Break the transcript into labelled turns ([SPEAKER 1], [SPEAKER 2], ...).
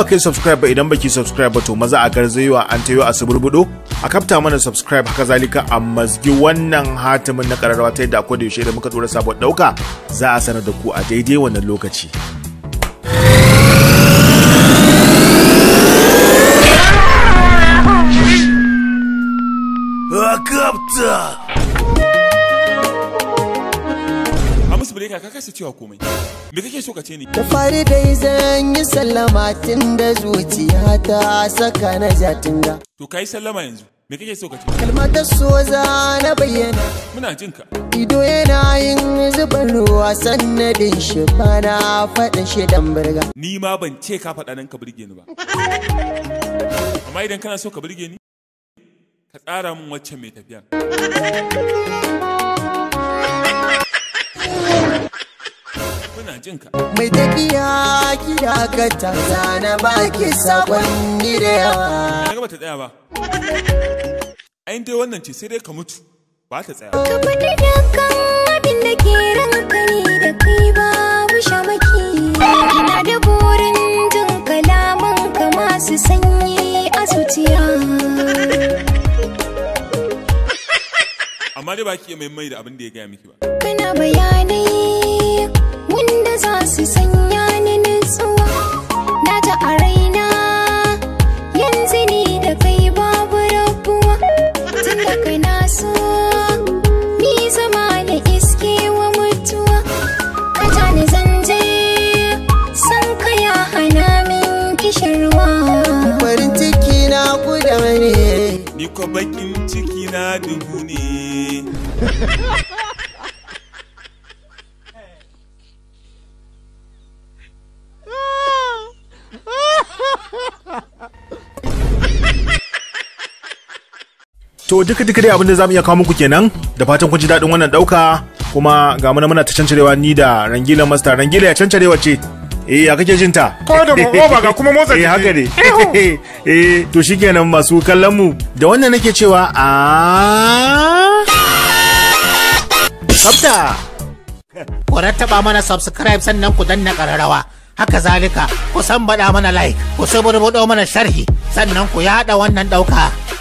[SPEAKER 1] ba kai subscribe ba idan baki subscribe ba to maza a garzayewa an tayo a suburbudo a kafta mana subscribe haka zalika a mazgi wannan hatimin na kararwa ta yadda akwai da yaushe da muka tura sabon dauka za a sanar da ku a daidai wannan lokaci.
[SPEAKER 2] da ka kasa cewa komai me kake so ka ce ni da fari da
[SPEAKER 3] zan yi sallama tun da zuciya ta saka na jatin ga
[SPEAKER 2] to kai sallama yanzu me kake so ka ce kalma ta so za na bayyana muna jin ka ido
[SPEAKER 3] yana yin zuban ruwa sanadin shi bana faɗin shi dan burga
[SPEAKER 2] ni ma ban ce ka faɗa nan ka burge ni ba amma idan kana so ka burge ni ka tsara min wacce mai tafiya
[SPEAKER 3] jinka mai tafiya kira ka ta na baki sakonni da yawa na gaba
[SPEAKER 2] ta tsaya ba ayin dai wannan ce sai dai ka mutu ba ta tsaya ka faɗi da kan abin da ke ranka
[SPEAKER 4] ne da kai babu shamaki ina da burin jin kalaman ka masu sanyi a zuciya
[SPEAKER 2] amma dai ba ki mai mai da abin da ya gaya miki ba
[SPEAKER 4] kana bayanai za su sanya ni nutsuwa na ta a raina yanzu ni da kai babu rabuwa tun da kai na ni zama da iske wa mutuwa ka ta ni zanje san ka hana min kishirwa
[SPEAKER 3] farin ciki na guda ne
[SPEAKER 2] ni ko bakin ciki na dubu ne
[SPEAKER 1] to duka duka dai abinda zamu iya kawo muku kenan da fatan kun ji daɗin wannan ɗauka kuma ga muna muna ta cancarewa ni da rangila master rangila ya cancarewa ce eh ya kake jin ta ko da ba ga kuma motsa eh haka ne eh to shikenan masu kallon mu da wannan nake cewa a tsafta ku rattaba mana subscribe sannan ku danna ƙararrawa haka zalika ku san bada mana like ku saburbudo mana sharhi sannan ku yada wannan ɗauka.